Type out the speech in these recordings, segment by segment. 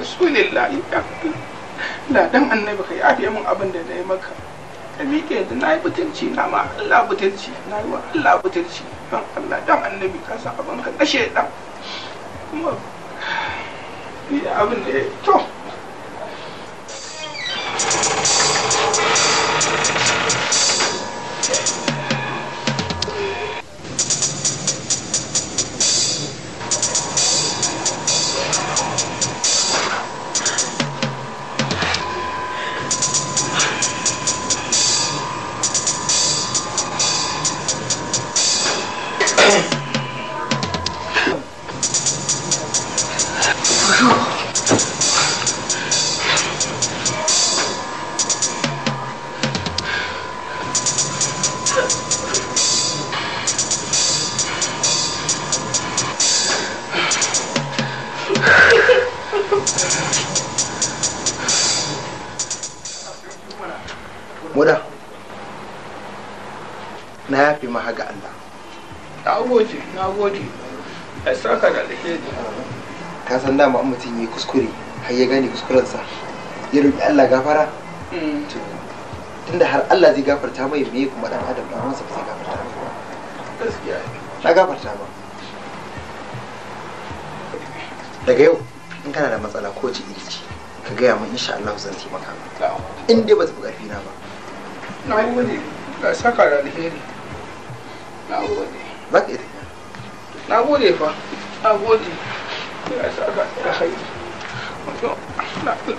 rasulillahi ya Allah dan annabi ka yafe min abin da nayi maka ka miƙe da na yi butulci na ma Allah butulci na yi wa Allah butulci dan Allah dan annabi ka san abin ka na shaidan kuma abin da ya to muda na yafe maha ga Allah na gode na gode a saka da ji. ka san dama an mutum yi kuskure har ya gane kuskurensa ya roki Allah gafara mm. tunda har Allah zai gafarta mai me kuma dan adam ba masa zai gafarta gaskiya na gafarta ba daga yau in kana da matsala ko ci iri ci ka gaya min insha Allah zan taimaka maka in dai ba ta ƙarfi na ba na yi wani ga saka da alheri na gode za ka iya na gode fa na gode ya saka da alheri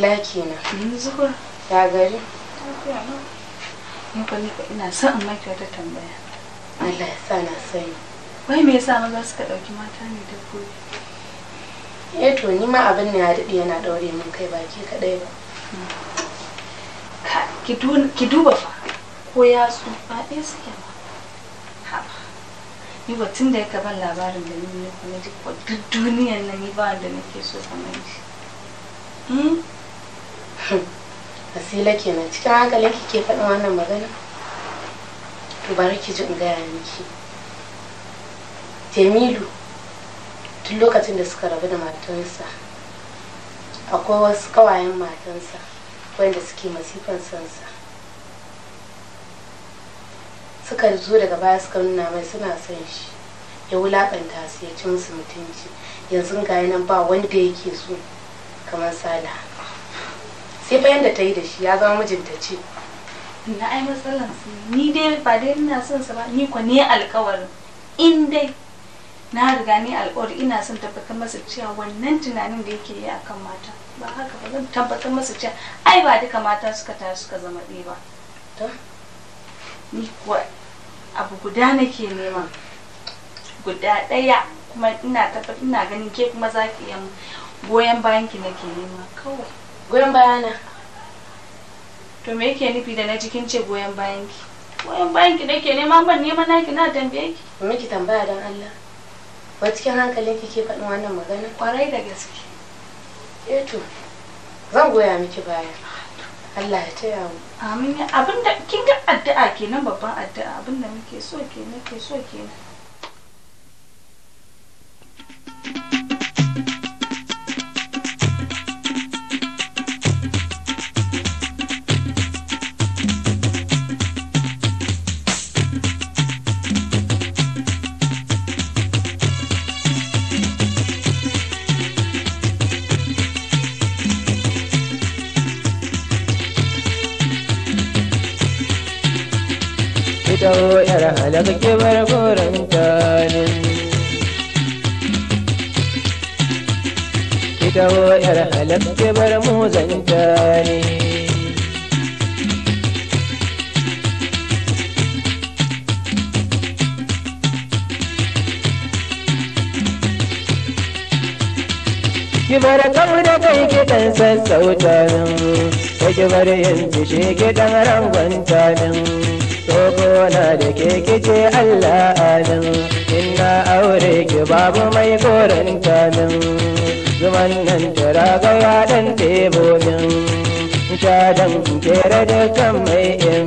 Nabila kenan. Ni zuwa. Ya gari. tambaya. Allah ya na sani. Wai yasa maza suka ɗauki mata ne eh ni ma abin ne ya daɗe yana ɗaure min kai baki kaɗai ba. Ki duba fa ko ya su ba ɗaya suke ba. Ni ba tun da ban labarin da ni ne kuma duk duniyan nan ni ba wanda nake so kamar asila kenan cikin hankalin ki ke faɗin wannan magana to bari ki ji in gaya miki jamilu tun lokacin da suka rabu da matansa akwai wasu kawayen matansa wanda suke masifan sansa suka zo daga baya suka nuna mai suna son shi ya wulaƙanta su ya ci musu mutunci yanzu ga nan ba wanda yake so kamar salah sai bayan da ta yi da shi ya zama mijinta ce na ai matsalan su ni dai ba dai ina son sa ba ni ko ne alƙawarin in dai na riga ni alƙawari ina son tabbatar masa cewa wannan tunanin da yake yi akan mata ba haka ba zan tabbatar masa cewa ai ba duka mata suka ta suka zama ɗaya ba to ni kuwa abu guda nake nema guda ɗaya kuma ina tabbatar ina ganin ke kuma za ki goyon bayan ki nake nema kawai goyon bayana to me yake nufi da na jikin ce goyon bayan ki goyon bayan ki nake neman ban neman naki na tambaye ki miki tambaya don Allah ba cikin hankalin ki ke faɗin wannan magana kwarai da gaske eh to zan goya miki baya Allah ya taya mu amin abinda kin ga addu'a kenan babban addu'a abinda muke so kenan ke so kenan fito yar halaka ke bar burin tanin fito yar halaka ke bar muzan tani ki bar kauna kai kiɗan sassautanin ko ki bar yin kishi kiɗan rangon tanin roƙo na da ke kice Allah Adam inna aure ki babu mai koranta min zuman nan tara ga dan tebo min shadan kere da kan mai in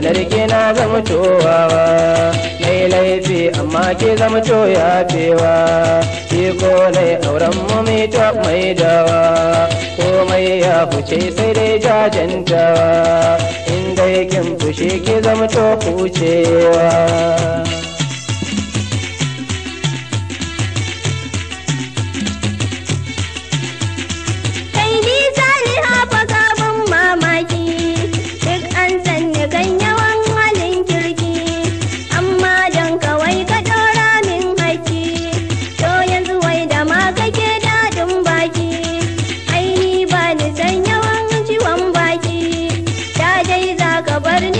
kaunar ke na zama cowawa nai laifi amma ke zama coya fewa shi ko nai auren mami ta mai dawa komai ya fice sai dai jajantawa in dai kin fushe ke zama to kucewa Khabar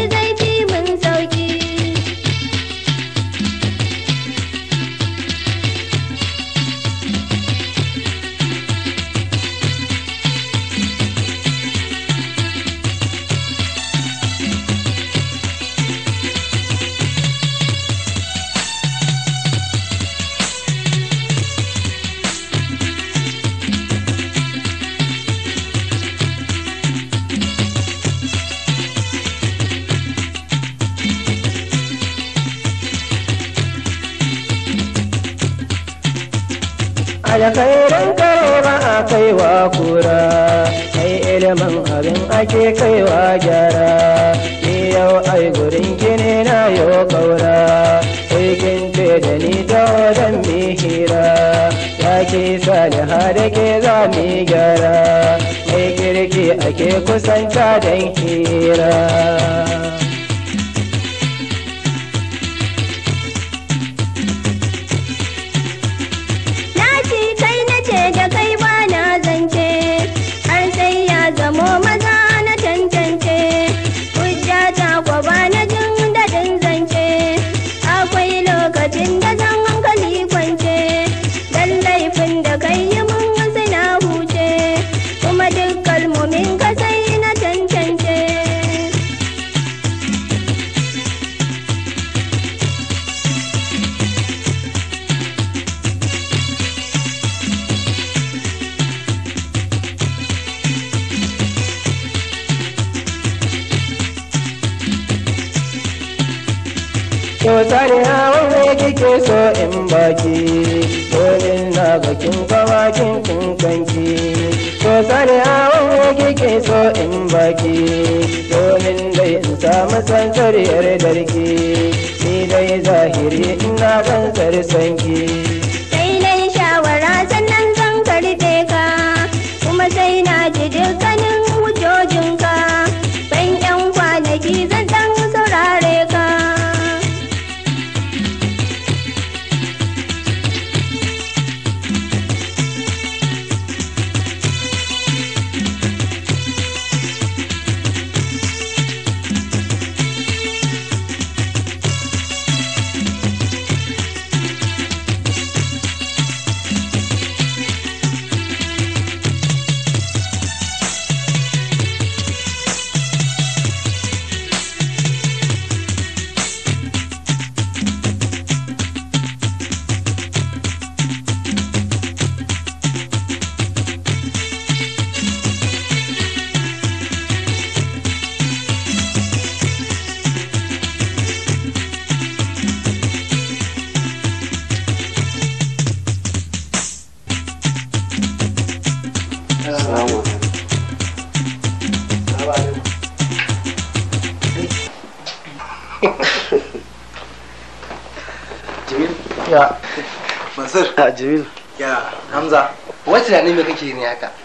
alkhairin karo ba a kaiwa kura sai ilimin abin ake kaiwa gyara ni yau ai gurin gini na yau kaura sai kin ce da ni ta wajen mi hira ya ke saliha da ke za mi gyara mai kirki ake kusanta don hira saniya wanne kike so in baki domin na bakin kawakin kin kanki so saniya kike so in baki domin dai in samu santar yardarki ni dai zahiri ina kansar sanki sai na shawara sannan zan karbe ka kuma sai na ji dukkan Jimil. Ya. Mansur. Ah, ya, Hamza. da ne mai kake ne haka?